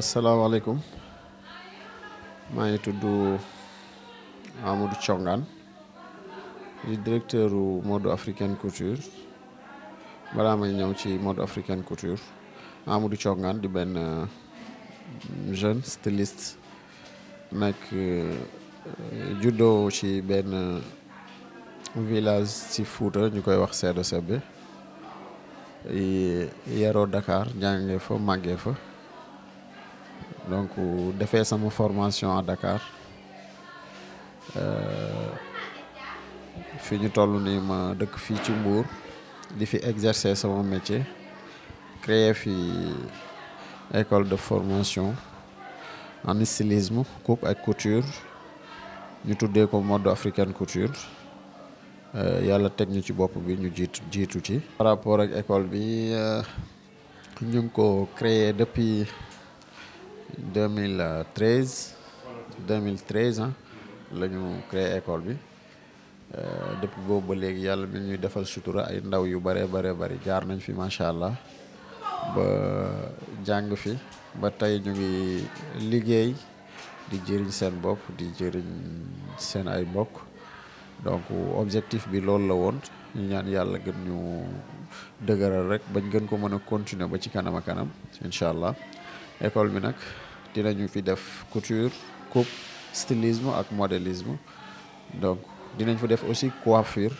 asalaamaaleykum maa ngi tudd Amadou Thiongane di directeur mode africaine couture balaa may ñëw ci mode africaine couture Amadou Thiongane di benn euh, jeune styliste nekk euh, juddoo ci benn euh, village ci Fouta ñu koy wax Seedo Sebbe yaroo Dakar jàngee fa màggee fa. donc defee sama formation à Dakar euh, fi ñu toll nii ma dëkk fii ci Mbour di fi exercer sama métier créer fi école de formation en stylisme coupe ak couture ñu tuddee ko mode africaine couture euh, yàlla teg ñu ci bopp bi ñu jiitu jiitu ci. par rapport ak école bi euh, ñu ko créer depuis. 2013 2013 ah la ñu créé école bi euh, depuis boobu ba léegi yàlla mi ñuy defal sutura ay ndaw yu bare bare bari jaar nañ fi macha allah ba jàng fi ba tey ñu ngi liggéey di jëriñ seen bopp di jëriñ seen ay mbokk donc objectif bi loolu la woon ñu ñaan yàlla gën ñu dëgëral rek bañ gën ko mën a continuer ba ci kanam a kanam incha allah école bi nag dinañu fi def couture coupe stylisme ak modélisme donc dinañ fa def aussi coiffure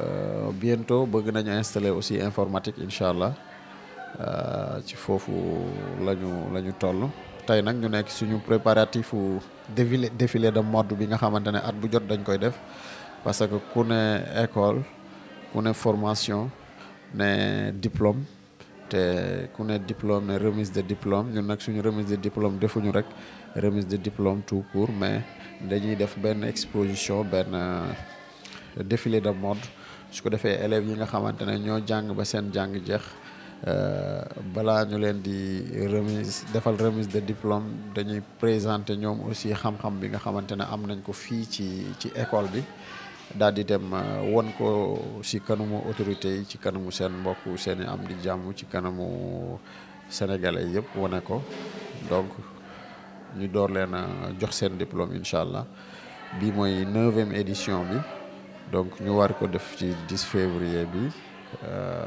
euh, bientôt bëgg nañu installer aussi informatique incha allah euh, ci foofu lañu la ñu toll tey nag ñu nekk suñu préparatif u défilé défilé de mode bi nga xamante ne at bu jot dañ koy def parce que ku ne école ku formation ne diplôme te ku ne diplôme ne remise de diplôme ñun nag suñu remise de diplôme defuñu rek remise de diplôme tout court mais dañuy def benn exposition benn euh, défilé de mode su ko defee élèves yi nga xamante ne ñoo jàng ba seen jàng jeex euh, balaa ñu leen di remise defal remise de diplôme dañuy présenter ñoom aussi xam-xam bi nga xamante ne am nañ ko fii ci ci école bi daal di dem euh, won ko ci kanamu autorité yi ci kanamu seen mbokk seen am di jàmm ci kanamu sénégalais yëpp wane ko donc ñu door leen a jox seen diplôme incha allah bi mooy neuvième édition bi donc ñu war ko def ci 10 février bi euh,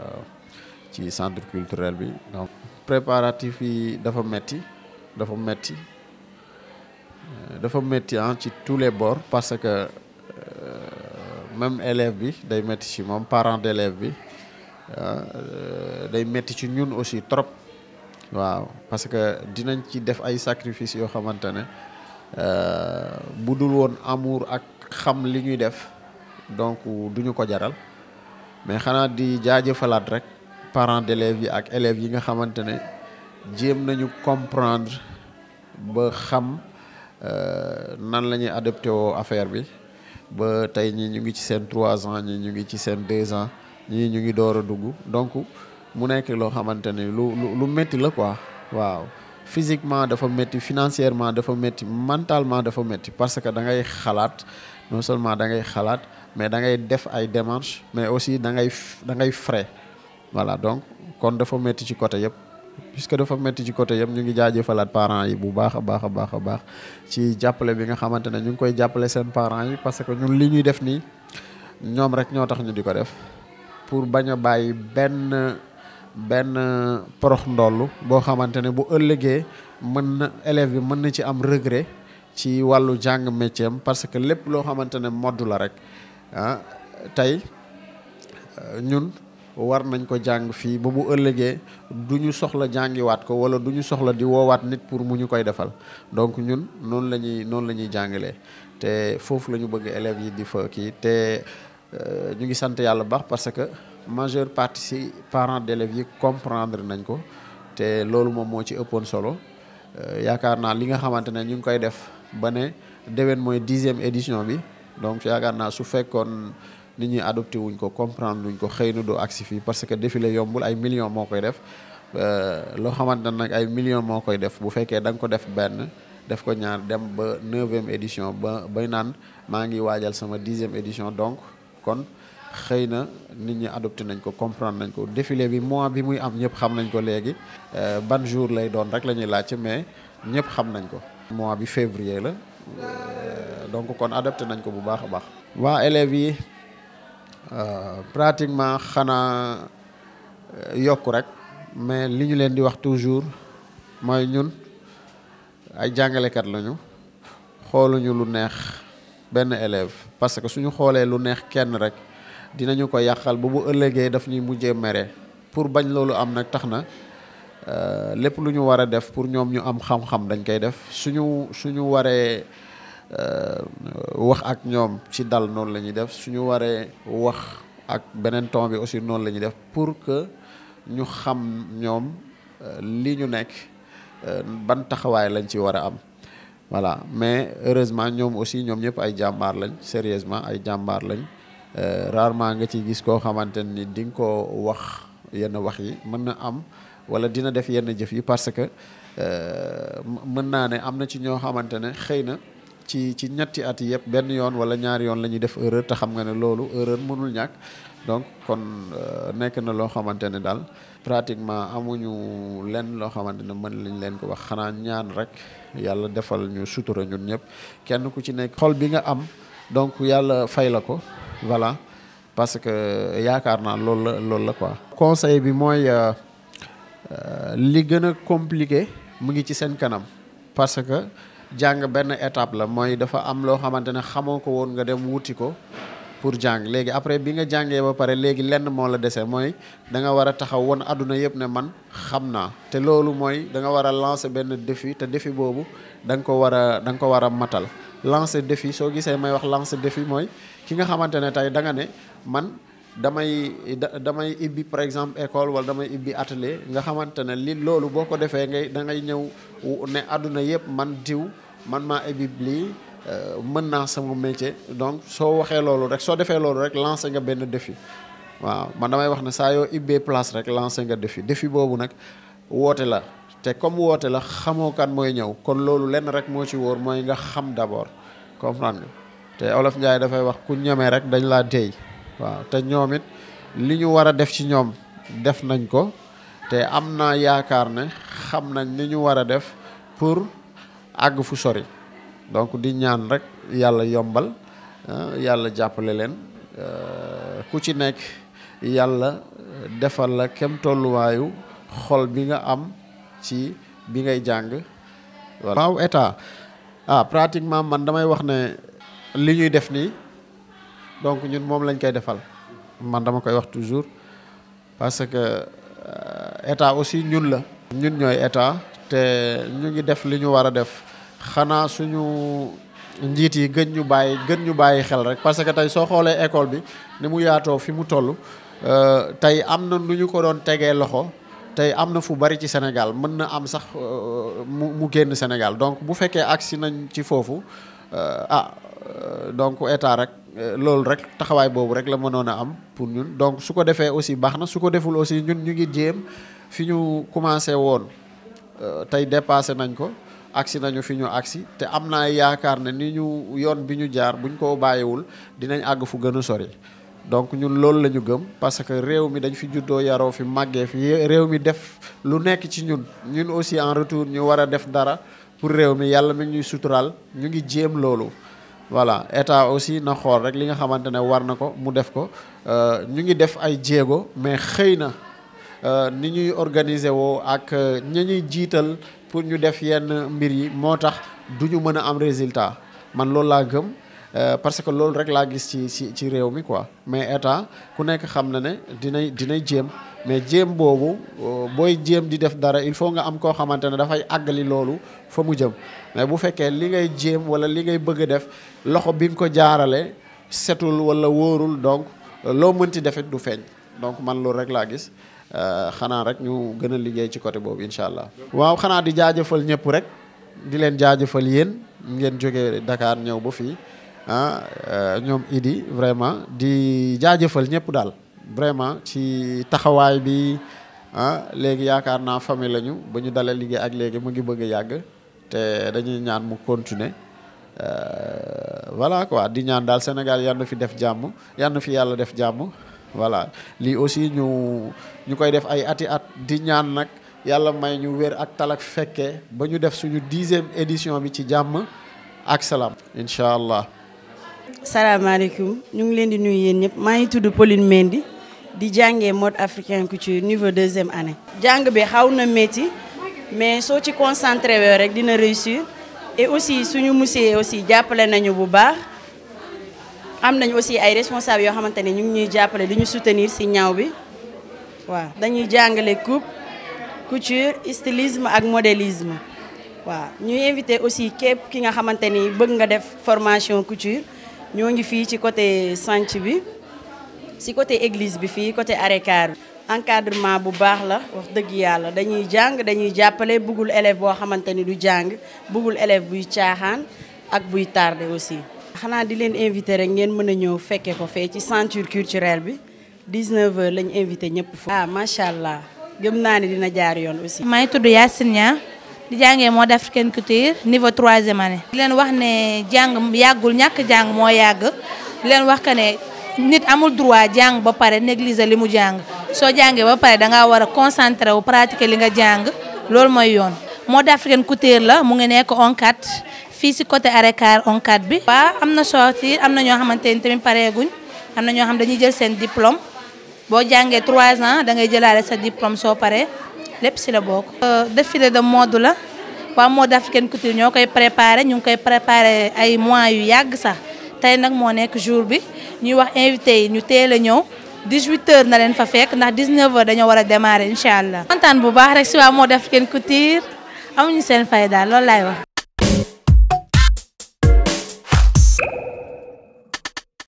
ci centre culturel bi donc préparatif yi dafa metti dafa metti euh, dafa metti ah ci tout les bords parce que même élève bi day métti ci moom parent d'élève bi euh, day métti ci ñun aussi trop waaw parce que dinañ ci def ay sacrifices yoo xamante ne euh, bu dul woon amour ak xam li ñuy def donc duñu ko jaral mais xanaa di jaajëfalaat rek parents d'élèves yi ak élèves yi nga xamante ne jéem nañu comprendre ba xam euh, nan la ñuy adopté woo affaire bi ba tey ñi ñu ngi ci seen trois ans ñi ñu ngi ci seen deux ans ñii ñu ngi door a dugg donc mu nekk loo xamante ni lu lu métti la quoi waaw physiquement dafa métti financièrement dafa métti mentalement dafa métti parce que da ngay xalaat non seulement da ngay xalaat mais da ngay def ay démarches mais aussi da ngay da ngay frais voilà donc kon dafa métti ci côté yëpp que dafa métti ci côté yëpp ñu ngi jaajëfalaat parents yi bu baax a baax a baax a baax ci jàppale bi nga xamante ne ñu ngi koy jàppale seen parents yi parce que ñun li ñuy def nii ñoom rek ñoo tax ñu di ko def pour bañ a bàyyi benn benn porox ndollu boo xamante ne bu ëllëgee mën na élève bi mën na ci am regret ci wàllu jàng métier parce que lépp loo xamante ne modd la rek ah tey euh, ñun war nañ ko jàng fii ba bu ëllëgee du ñu soxla jàngiwaat ko wala du ñu soxla di woowaat nit pour mu ñu koy defal donc ñun noonu la ñuy noonu la ñuy jàngalee te foofu la ñu bëgg élèves yi di fa kii te euh, ñu ngi sant yàlla baax parce que majeure partie si parents d'élèves yi comprendre nañ ko te loolu moom moo ci ëppoon solo euh, yaakaar naa li nga xamante ne ñu ngi koy def ba ne déwén mooy dixième édition bi donc yaakaar naa su fekkoon nit ñi adopté wuñ ko comprendre wuñ ko xëy na doo agsi fii parce que défilé yombul ay millions moo koy def euh, loo xamante nag ay millions moo koy def bu fekkee danga ko def benn def ko ñaar dem ba neuvième édition ba bay naan maa ngi waajal sama dixième édition donc kon xëy na nit ñi adopté nañ ko comprendre nañ ko défilé bi mois bi muy am ñëpp xam nañ ko léegi euh, ban jour lay doon rek lañuy ñuy laajte mais ñëpp xam nañ ko mois bi février la euh, donc kon adopté nañ ko bu baax a baax Euh, pratiquement xanaa euh, yokk rek mais li ñu leen di wax toujours mooy ñun ay jàngalekat lañu xooluñu lu neex benn élève parce que suñu xoolee lu neex kenn rek dinañu ko yàqal ba bu ëllëgee daf ñuy mujjee mere pour bañ loolu am nag tax na euh, lépp lu ñu war a def pour ñoom ñu am xam-xam dañ koy def suñu suñu waree Euh, wax ak ñoom ci dal noonu la ñuy def suñu waree wax ak beneen ton bi aussi noonu la ñuy def pour que ñu xam ñoom euh, li ñu nekk euh, ban taxawaay lañ ci war a am voilà mais heureusement ñoom aussi ñoom ñëpp ay jàmbaar lañ sérieusement ay jàmbaar lañ rarement nga ci gis koo xamante ni di nga ko wax yenn wax yi mën na am wala dina def yenn jëf yi parce que mën naa ne am na ci ñoo xamante ne xëy na ci ci ñetti at yëpp benn yoon wala ñaari yoon la ñuy def erreur te xam nga ne loolu erreur mënul ñàkk donc kon euh, nekk na loo xamante ne daal pratiquement amuñu lenn loo xamante ne mën lañ leen ko wax xanaa ñaan rek yàlla defal ñu sutura ñun ñëpp kenn ku ci nekk xol bi nga am donc yàlla fay la ko voilà parce que yaakaar naa loolu la loolu la quoi. conseil bi mooy euh, euh, li gën a compliqué mu ngi ci seen kanam parce jàng benn étape la mooy dafa am loo xamante ne xamoo ko woon nga dem wuti ko pour jàng léegi après bi nga jàngee ba pare léegi lenn moo la dese mooy da nga war a taxaw woon àdduna yëpp ne man xam naa te loolu mooy da nga war a lancer benn défi te défi boobu danga ko war a da ko war a matal lancer défi soo gisee may wax lancer défi mooy ki nga xamante ne tey danga ne man damay damay ibbi par exemple école wala damay ibbi atlé nga xamante ne li loolu boo ko defee ngay da ngay ñëw ne àdduna yëpp man diw man maa ibbi lii euh, mën naa sama métier donc soo waxee loolu rek soo defee loolu rek lancé nga benn defi waaw man damay wax ne saa yoo ibbee place rek lancé nga défi défi boobu nag woote la te comme woote la xamoo kan mooy ñëw kon loolu lenn rek moo ci wóor mooy nga xam d'abord comprendre nga te olof Njaay dafay wax ku ñeme rek dañ laa déy waaw te ñoom it li ñu war a def ci ñoom def nañ ko te am naa yaakaar ne xam nañ ni ñu war a def pour àgg fu sori donc di ñaan rek yàlla yombal ah, yàlla jàppale leen euh, ku ci nekk yàlla defal la kem tolluwaayu xol bi nga am ci bi ngay jàng waaw état ah pratiquement man damay wax ne li ñuy def nii donc ñun moom lañ koy defal man dama koy wax toujours parce que euh, état aussi ñun la. ñun ñooy état te ñu ngi def li ñu war a def xanaa suñu njiit yi gën ñu bàyyi gën ñu bàyyi xel rek parce que tey soo xoolee école bi ni mu yaatoo fi mu toll euh, tey am na lu ñu ko doon tegee loxo. tey am na fu bari ci Sénégal mën na am sax euh, mu mu génn Sénégal donc bu fekkee agsi nañ ci foofu ah donc état rek Euh, loolu rek taxawaay boobu rek la mënoon a am pour ñun donc su ko defee aussi baax na su ko deful aussi ñun ñu ngi jéem fi ñu commencé woon euh, tey dépassé nañ ko agsi nañu fi ñu agsi te am naa yaakaar ne ni ñu yoon bi ñu jaar buñ ko bàyyiwul dinañ àgg fu gën a sori donc ñun loolu la ñu gëm parce que réew mi dañu fi juddoo yaroo fi màggee fi réew mi def lu nekk ci ñun ñun aussi en retour ñu war a def dara pour réew mi yàlla mi ñuy sutural ñu ngi jéem loolu voilà état aussi na xool rek li nga xamante ne war na ko mu def ko euh, ñu ngi def ay jéego mais xëy na euh, ni ñuy organiser woo ak euh, ña ñuy jiital pour ñu def yenn mbir yi moo tax du ñu mën a am résultat man loolu laa gëm parce que loolu rek laa gis ci ci ci réew mi quoi mais état ku nekk xam na ne dinay dinay jéem mais jéem boobu booy jéem di def dara il faut nga am koo xamante ne dafay àggali loolu fa mu jëm mais bu fekkee li ngay jéem wala li ngay bëgg a def loxo bi nga ko jaarale setul wala wóorul donc loo mënti defit du feeñ donc man loolu rek laa gis euh, xanaa rek ñu gën a liggéey ci côté boobu incha allah. waaw xanaa di jaajëfal ñëpp rek di leen jaajëfal yéen ngeen jóge ndakaar ñëw ba fii ah euh, ñoom Idi vraiment di jaajëfal ñëpp daal. vraiment ci taxawaay bi ah léegi yaakaar naa famille lañu ba ñu dalee liggéey ak léegi mu ngi bëgg a yàgg te dañuy ñaan mu continuer euh, voilà quoi di ñaan daal Sénégal yal na fi def jàmm yal na fi yàlla def jàmm voilà lii aussi ñu ñu koy def ay ati at di ñaan nag yàlla may ñu wér ak talak fekkee ba ñu def suñu dixième édition bi ci jàmm ak salaam incha allah. salaamaaleykum ñu ngi leen di nuyu yéen ñëpp maa ngi tudd Pauline Mendy. di jàngee mode africain couture niveau deuxième année. jàng bi xaw na métti mais soo ci concentré woo rek dina réussir et aussi suñu musée aussi jàppale nañu bu baax am nañu aussi ay responsables yoo xamante ne ñu ngi ñuy jàppale di ñu soutenir ci ñaw bi waaw. dañuy jàngale coupe couture stylisme ak modélisme waaw ñuy invité aussi képp ki nga xamante ni bëgg nga def formation couture ñoo ngi fii ci côté sanc bi. si côté église bi fii côté arrêt encadrement bu baax la wax dëgg yàlla dañuy jàng dañuy jàppale bëggul élève boo xamante ni du jàng bëggul élève buy caaxaan ak buy tardé aussi xanaa di leen invité rek ngeen mën a ñëw fekke ko fee ci centre culturel bi 19h lañ invité ñëpp foofu ah macha allah gëm naa ne dina jaar yoon aussi maa ngi tudd Yacine Niang di jàngee mode africaine culture niveau troisième année di leen wax ne jàng yàggul ñàkk jàng moo yàgg nit amul droit jàng ba pare négliger li mu jàng soo jàngee ba pare danga war a concentré wu pratiquer li nga jàng loolu mooy yoon. mode africaine couture la mu ngi nekk ONCAD fii si côté Arécar ONCAD bi. waaw am na sortie am na ñoo xamante ni tamit pareeguñ am na ñoo xam dañuy jël seen diplôme boo jàngee trois ans da ngay jëlaale sa diplôme soo paree lépp si la bokk. Euh, défilé de mode la waa mode africaine couture ñoo koy préparé ñu ngi koy préparé ay yu yàgg sax bi. ñuy wax invité yi ñu teel a ñëw 18h na leen fa fekk ndax 19h dañoo war a démarrer incha allah. kontaan bu baax rek si waa Modou tiir Couture ñu seen fay daal loolu laay wax.